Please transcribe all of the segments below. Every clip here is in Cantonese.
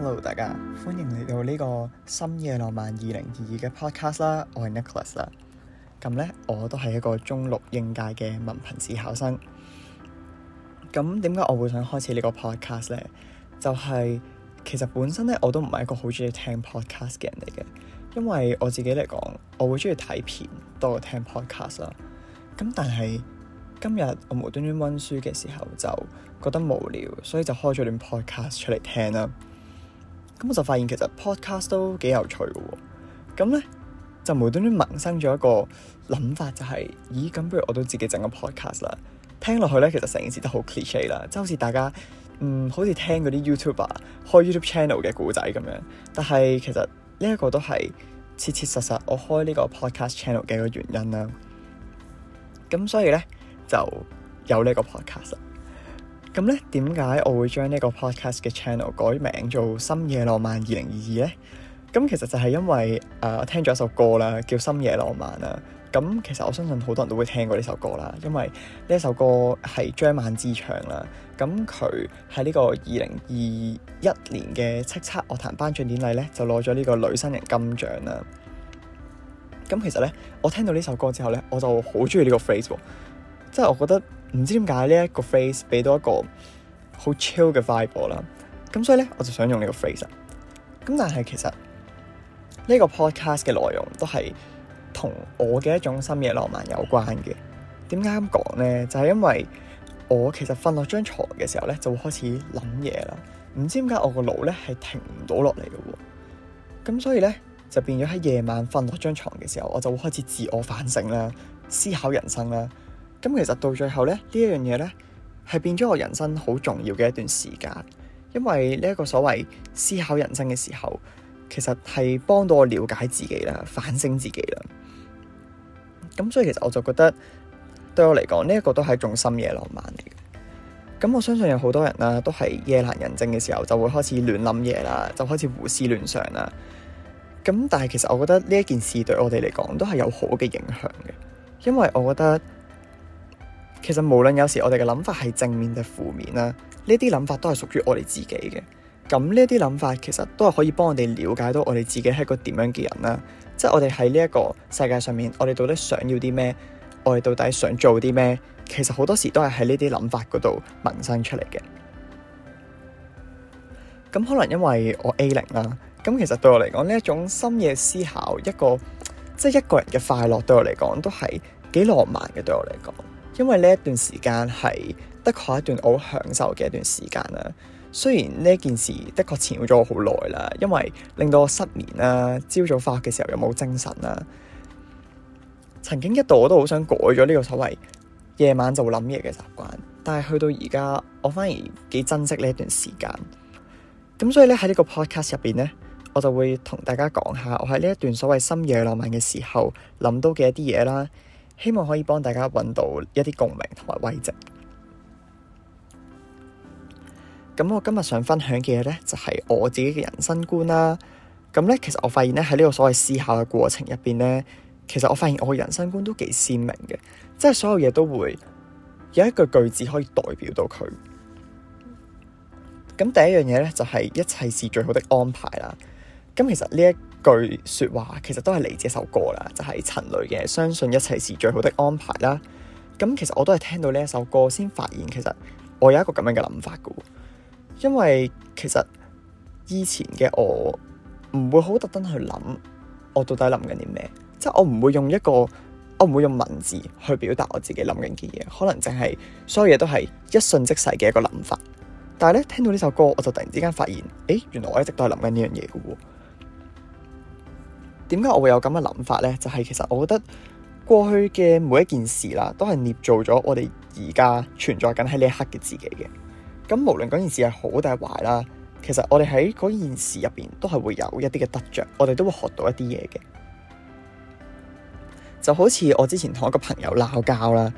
hello，大家歡迎嚟到呢個深夜浪漫二零二二嘅 podcast 啦，我係 Nicholas 啦。咁呢我都係一個中六應屆嘅文憑試考生。咁點解我會想開始呢個 podcast 呢？就係、是、其實本身呢，我都唔係一個好中意聽 podcast 嘅人嚟嘅，因為我自己嚟講，我會中意睇片多過聽 podcast 啦。咁但係今日我無端端溫書嘅時候，就覺得無聊，所以就開咗段 podcast 出嚟聽啦。咁我就發現其實 podcast 都幾有趣嘅、哦，咁呢，就無端端萌生咗一個諗法，就係、是，咦，咁不如我都自己整個 podcast 啦。聽落去呢，其實成件事都好 cliche 啦，即係好似大家，嗯，好似聽嗰啲 YouTuber 開 YouTube channel 嘅故仔咁樣。但係其實呢一個都係切切實實我開呢個 podcast channel 嘅一個原因啦。咁所以呢，就有呢個 podcast。咁咧，點解我會將呢個 podcast 嘅 channel 改名做《深夜浪漫二零二二》呢？咁其實就係因為誒、呃，我聽咗一首歌啦，叫《深夜浪漫》啦。咁其實我相信好多人都會聽過呢首歌啦，因為呢首歌係張蔓姿唱啦。咁佢喺呢個二零二一年嘅叱吒樂壇頒獎典禮咧，就攞咗呢個女新人金獎啦。咁其實呢，我聽到呢首歌之後呢，我就好中意呢個 phrase 喎、啊，即係我覺得。唔知點解呢一個 phrase 俾到一個好 chill 嘅 vibe 啦，咁所以咧我就想用呢個 phrase。咁但係其實呢個 podcast 嘅內容都係同我嘅一種深夜浪漫有關嘅。點解咁講呢？就係因為我其實瞓落張床嘅時候咧，就會開始諗嘢啦。唔知點解我個腦咧係停唔到落嚟嘅喎。咁所以咧就變咗喺夜晚瞓落張床嘅時候，我就會開始自我反省啦，思考人生啦。咁其實到最後咧，呢一樣嘢咧係變咗我人生好重要嘅一段時間，因為呢一個所謂思考人生嘅時候，其實係幫到我了解自己啦、反省自己啦。咁所以其實我就覺得，對我嚟講呢一個都係一種深夜浪漫嚟嘅。咁我相信有好多人啦、啊，都係夜難人靜嘅時候就會開始亂諗嘢啦，就開始胡思亂想啦。咁但係其實我覺得呢一件事對我哋嚟講都係有好嘅影響嘅，因為我覺得。其實無論有時我哋嘅諗法係正面定負面啦，呢啲諗法都係屬於我哋自己嘅。咁呢啲諗法其實都係可以幫我哋了解到我哋自己係一個點樣嘅人啦。即係我哋喺呢一個世界上面，我哋到底想要啲咩？我哋到底想做啲咩？其實好多時都係喺呢啲諗法嗰度萌生出嚟嘅。咁可能因為我 A 零啦，咁其實對我嚟講呢一種深夜思考，一個即係、就是、一個人嘅快樂，對我嚟講都係幾浪漫嘅。對我嚟講。因為呢一,一段時間係的確係一段我好享受嘅一段時間啦。雖然呢件事的確纏繞咗我好耐啦，因為令到我失眠啦，啊，朝早發嘅時候又冇精神啦，啊。曾經一度我都好想改咗呢個所謂夜晚就會諗嘢嘅習慣，但係去到而家，我反而幾珍惜呢一段時間。咁所以咧，喺呢個 podcast 入邊呢，我就會同大家講下我喺呢一段所謂深夜浪漫嘅時候諗到嘅一啲嘢啦。希望可以幫大家揾到一啲共鳴同埋慰藉。咁我今日想分享嘅嘢呢，就係我自己嘅人生觀啦。咁呢，其實我發現呢，喺呢個所謂思考嘅過程入邊呢，其實我發現我嘅人生觀都幾鮮明嘅，即係所有嘢都會有一句句子可以代表到佢。咁第一樣嘢呢，就係一切是最好的安排啦。咁其實呢一句說話，其實都係嚟自一首歌啦，就係陳蕾嘅《相信一切是最好的安排》啦。咁其實我都係聽到呢一首歌，先發現其實我有一個咁樣嘅諗法嘅。因為其實以前嘅我唔會好特登去諗，我到底諗緊啲咩，即係我唔會用一個，我唔會用文字去表達我自己諗緊嘅嘢，可能淨係所有嘢都係一瞬即逝嘅一個諗法。但係咧，聽到呢首歌，我就突然之間發現，誒、欸，原來我一直都係諗緊呢樣嘢嘅喎。點解我會有咁嘅諗法呢？就係其實我覺得過去嘅每一件事啦，都係捏造咗我哋而家存在緊喺呢一刻嘅自己嘅。咁無論嗰件事係好定係壞啦，其實我哋喺嗰件事入邊都係會有一啲嘅得着，我哋都會學到一啲嘢嘅。就好似我之前同一個朋友鬧交啦，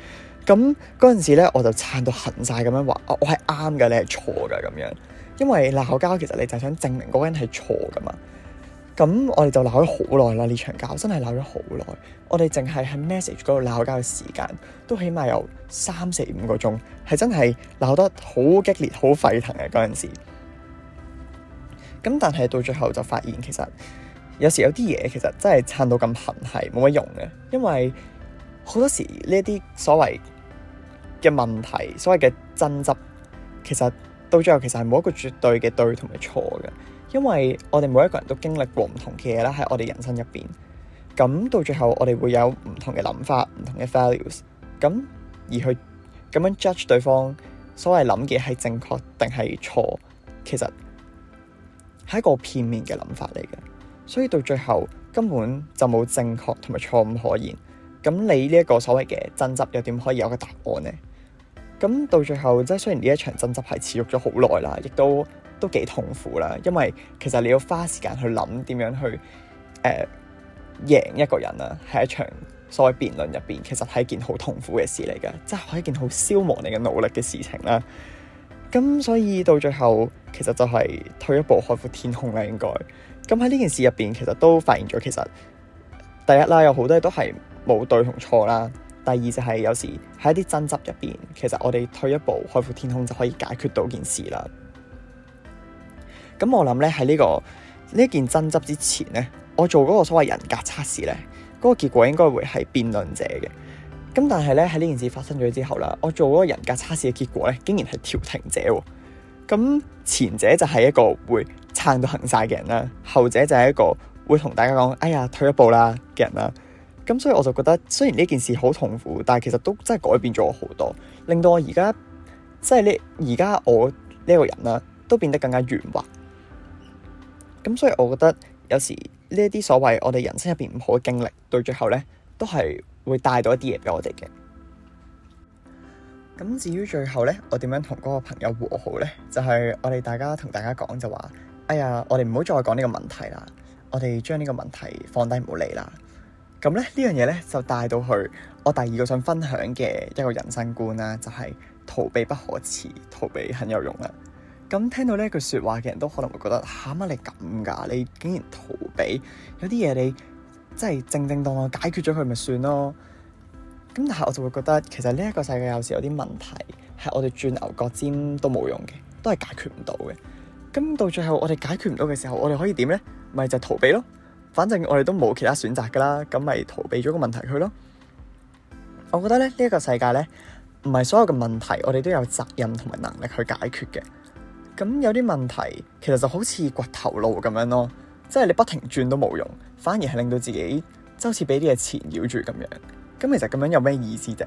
咁嗰陣時呢，我就撐到痕晒咁樣話：，我我係啱嘅，你係錯嘅咁樣。因為鬧交其實你就想證明嗰個人係錯噶嘛。咁我哋就鬧咗好耐啦，呢場交真係鬧咗好耐。我哋淨係喺 message 嗰度鬧交嘅時間，都起碼有三四五個鐘，係真係鬧得好激烈、好沸騰嘅嗰陣時。咁但係到最後就發現，其實有時有啲嘢其實真係撐到咁痕，係冇乜用嘅，因為好多時呢啲所謂嘅問題、所謂嘅爭執，其實到最後其實係冇一個絕對嘅對同埋錯嘅。因為我哋每一個人都經歷過唔同嘅嘢啦，喺我哋人生入邊，咁到最後我哋會有唔同嘅諗法、唔同嘅 values，咁而去咁樣 judge 對方所謂諗嘅係正確定係錯，其實係一個片面嘅諗法嚟嘅，所以到最後根本就冇正確同埋錯誤可言。咁你呢一個所謂嘅爭執，又點可以有個答案呢？咁到最後即係雖然呢一場爭執係持續咗好耐啦，亦都。都幾痛苦啦，因為其實你要花時間去諗點樣去誒、呃、贏一個人啦，喺一場所謂辯論入邊，其實係一件好痛苦嘅事嚟㗎，即係一件好消磨你嘅努力嘅事情啦。咁所以到最後，其實就係退一步海闊天空啦。應該咁喺呢件事入邊，其實都發現咗其實第一啦，有好多嘢都係冇對同錯啦。第二就係有時喺一啲爭執入邊，其實我哋退一步海闊天空就可以解決到件事啦。咁我諗咧，喺呢個呢件爭執之前呢，我做嗰個所謂人格測試呢，嗰個結果應該會係辯論者嘅。咁但係呢，喺呢件事發生咗之後啦，我做嗰個人格測試嘅結果咧，竟然係調停者喎。咁前者就係一個會撐到行晒嘅人啦，後者就係一個會同大家講哎呀，退一步啦嘅人啦。咁所以我就覺得雖然呢件事好痛苦，但係其實都真係改變咗我好多，令到我而家即係呢，而家我呢個人啦，都變得更加圓滑。咁所以我覺得有時呢一啲所謂我哋人生入邊唔好嘅經歷，到最後呢都係會帶到一啲嘢畀我哋嘅。咁至於最後呢，我點樣同嗰個朋友和好呢？就係我哋大家同大家講就話，哎呀，我哋唔好再講呢個問題啦，我哋將呢個問題放低唔好理啦。咁咧呢樣嘢呢，就帶到去我第二個想分享嘅一個人生觀啦，就係逃避不可恥，逃避很有用啦。咁聽到呢句說話嘅人都可能會覺得，吓乜、啊、你咁噶？你竟然逃避，有啲嘢你真係正正當當解決咗佢咪算咯。咁但係我就會覺得，其實呢一個世界有時有啲問題係我哋轉牛角尖都冇用嘅，都係解決唔到嘅。咁到最後我哋解決唔到嘅時候，我哋可以點呢？咪就，就逃避咯，反正我哋都冇其他選擇噶啦。咁咪逃避咗個問題去咯。我覺得咧呢一，這個世界咧，唔係所有嘅問題我哋都有責任同埋能力去解決嘅。咁有啲問題，其實就好似掘頭路咁樣咯，即係你不停轉都冇用，反而係令到自己就好似俾啲嘢纏繞住咁樣。咁其實咁樣有咩意思啫？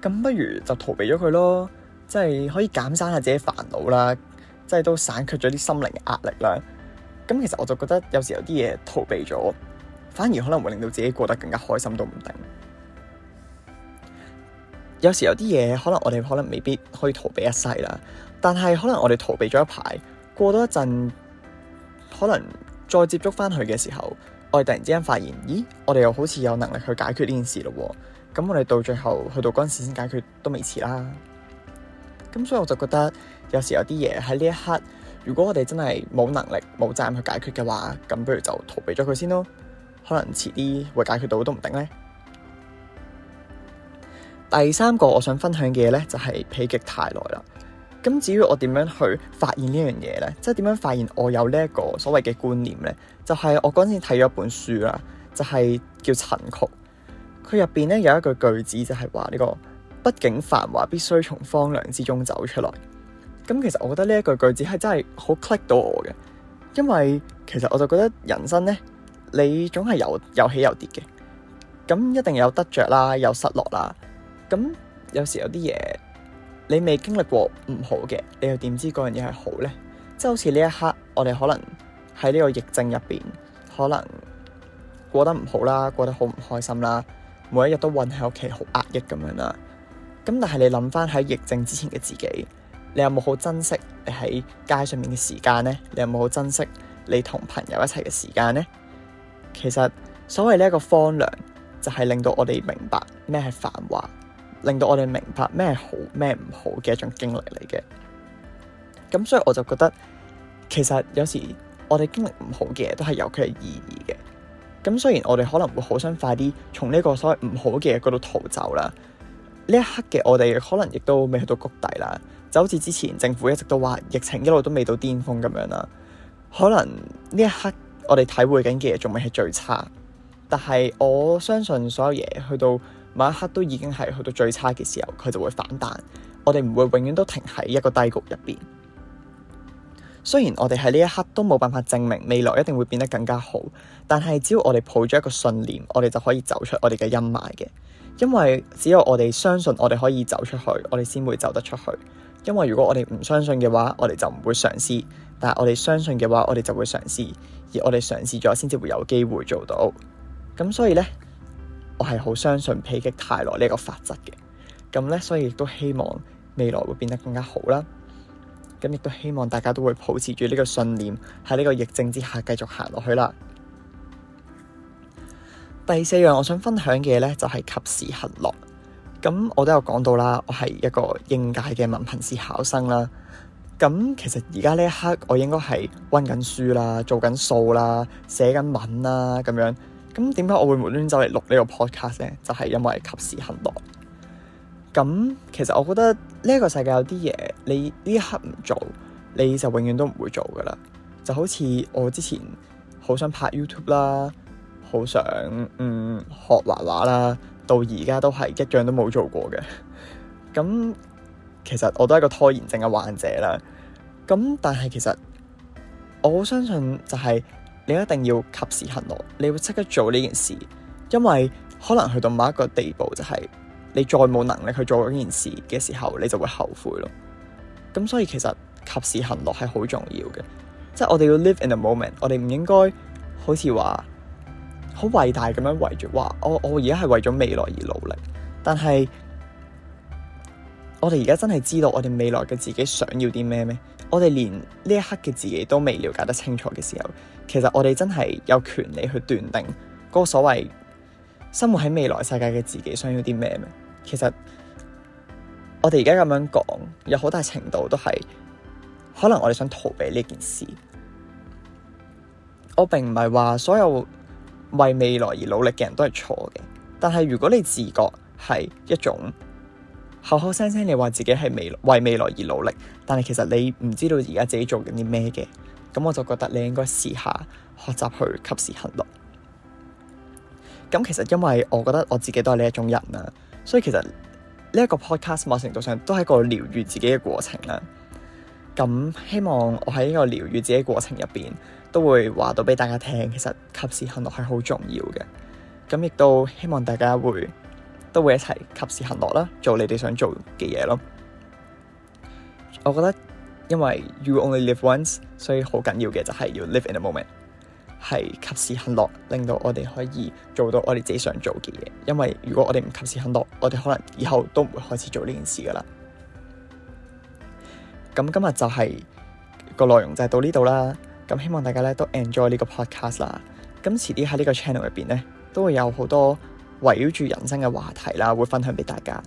咁不如就逃避咗佢咯，即係可以減輕下自己煩惱啦，即係都省卻咗啲心靈壓力啦。咁其實我就覺得有時有啲嘢逃避咗，反而可能會令到自己過得更加開心都唔定。有時有啲嘢可能我哋可能未必可以逃避一世啦，但係可能我哋逃避咗一排，過多一陣，可能再接觸翻去嘅時候，我哋突然之間發現，咦，我哋又好似有能力去解決呢件事咯，咁我哋到最後去到嗰陣時先解決都未遲啦。咁所以我就覺得，有時有啲嘢喺呢一刻，如果我哋真係冇能力、冇責任去解決嘅話，咁不如就逃避咗佢先咯，可能遲啲會解決到都唔定咧。第三個我想分享嘅嘢咧，就係否極泰來啦。咁至於我點樣去發現呢樣嘢呢？即係點樣發現我有呢一個所謂嘅觀念呢？就係我嗰陣時睇咗一本書啦，就係叫《塵曲》。佢入邊呢有一句句，句子就係話呢個，畢竟繁華必須從荒涼之中走出來。咁其實我覺得呢一句句子係真係好 click 到我嘅，因為其實我就覺得人生呢，你總係有有起有跌嘅，咁一定有得着啦，有失落啦。咁有時有啲嘢，你未經歷過唔好嘅，你又點知嗰樣嘢係好呢？即係好似呢一刻，我哋可能喺呢個疫症入邊，可能過得唔好啦，過得好唔開心啦，每一日都困喺屋企，好壓抑咁樣啦。咁但係你諗翻喺疫症之前嘅自己，你有冇好珍惜你喺街上面嘅時間呢？你有冇好珍惜你同朋友一齊嘅時間呢？其實所謂呢一個荒涼，就係令到我哋明白咩係繁華。令到我哋明白咩好咩唔好嘅一種經歷嚟嘅，咁所以我就覺得其實有時我哋經歷唔好嘅嘢都係有佢嘅意義嘅。咁雖然我哋可能會好想快啲從呢個所謂唔好嘅嘢嗰度逃走啦，呢一刻嘅我哋可能亦都未去到谷底啦，就好似之前政府一直都話疫情一路都未到巔峰咁樣啦。可能呢一刻我哋體會緊嘅嘢仲未係最差，但係我相信所有嘢去到。某一刻都已經係去到最差嘅時候，佢就會反彈。我哋唔會永遠都停喺一個低谷入邊。雖然我哋喺呢一刻都冇辦法證明未來一定會變得更加好，但係只要我哋抱住一個信念，我哋就可以走出我哋嘅陰霾嘅。因為只要我哋相信我哋可以走出去，我哋先會走得出去。因為如果我哋唔相信嘅話，我哋就唔會嘗試；但係我哋相信嘅話，我哋就會嘗試。而我哋嘗試咗，先至會有機會做到。咁所以呢。我係好相信否極泰來呢一個法則嘅，咁咧，所以亦都希望未來會變得更加好啦。咁亦都希望大家都會保持住呢個信念，喺呢個疫症之下繼續行落去啦。第四樣我想分享嘅嘢咧，就係及時行樂。咁我都有講到啦，我係一個應屆嘅文憑試考生啦。咁其實而家呢一刻我應該係溫緊書啦、做緊數啦、寫緊文啦咁樣。咁點解我會無端走嚟錄呢個 podcast 咧？就係、是、因為及時行樂。咁其實我覺得呢個世界有啲嘢，你呢一刻唔做，你就永遠都唔會做噶啦。就好似我之前好想拍 YouTube 啦，好想嗯學畫畫啦，到而家都係一樣都冇做過嘅。咁 其實我都係一個拖延症嘅患者啦。咁但係其實我好相信就係、是。你一定要及時行樂，你會即刻做呢件事，因為可能去到某一個地步，就係你再冇能力去做呢件事嘅時候，你就會後悔咯。咁所以其實及時行樂係好重要嘅，即係我哋要 live in a moment，我哋唔應該好似話好偉大咁樣圍住，話我我而家係為咗未來而努力，但係。我哋而家真係知道我哋未來嘅自己想要啲咩咩？我哋連呢一刻嘅自己都未了解得清楚嘅時候，其實我哋真係有權利去斷定嗰個所謂生活喺未來世界嘅自己想要啲咩咩？其實我哋而家咁樣講，有好大程度都係可能我哋想逃避呢件事。我並唔係話所有為未來而努力嘅人都係錯嘅，但係如果你自覺係一種……口口聲聲你話自己係未為未來而努力，但係其實你唔知道而家自己做緊啲咩嘅，咁我就覺得你應該試下學習去及時行樂。咁其實因為我覺得我自己都係呢一種人啦，所以其實呢一個 podcast 某程度上都係一個療癒自己嘅過程啦。咁希望我喺呢個療癒自己過程入邊，都會話到俾大家聽，其實及時行樂係好重要嘅。咁亦都希望大家會。都會一齊及時行樂啦，做你哋想做嘅嘢咯。我覺得因為 you only live once，所以好緊要嘅就係要 live in a moment，係及時行樂，令到我哋可以做到我哋自己想做嘅嘢。因為如果我哋唔及時行樂，我哋可能以後都唔會開始做呢件事噶啦。咁今日就係、是這個內容就係到呢度啦。咁希望大家咧都 enjoy 呢個 podcast 啦。咁遲啲喺呢個 channel 入邊咧都會有好多圍繞住人生嘅話題啦，會分享俾大家。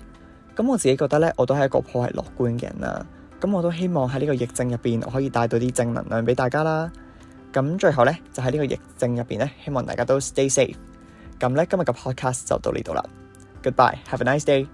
咁我自己覺得咧，我都係一個頗為樂觀嘅人啦。咁我都希望喺呢個疫症入邊，我可以帶到啲正能量俾大家啦。咁最後咧，就喺呢個疫症入邊咧，希望大家都 stay safe。咁咧，今日嘅 podcast 就到呢度啦。Goodbye，have a nice day。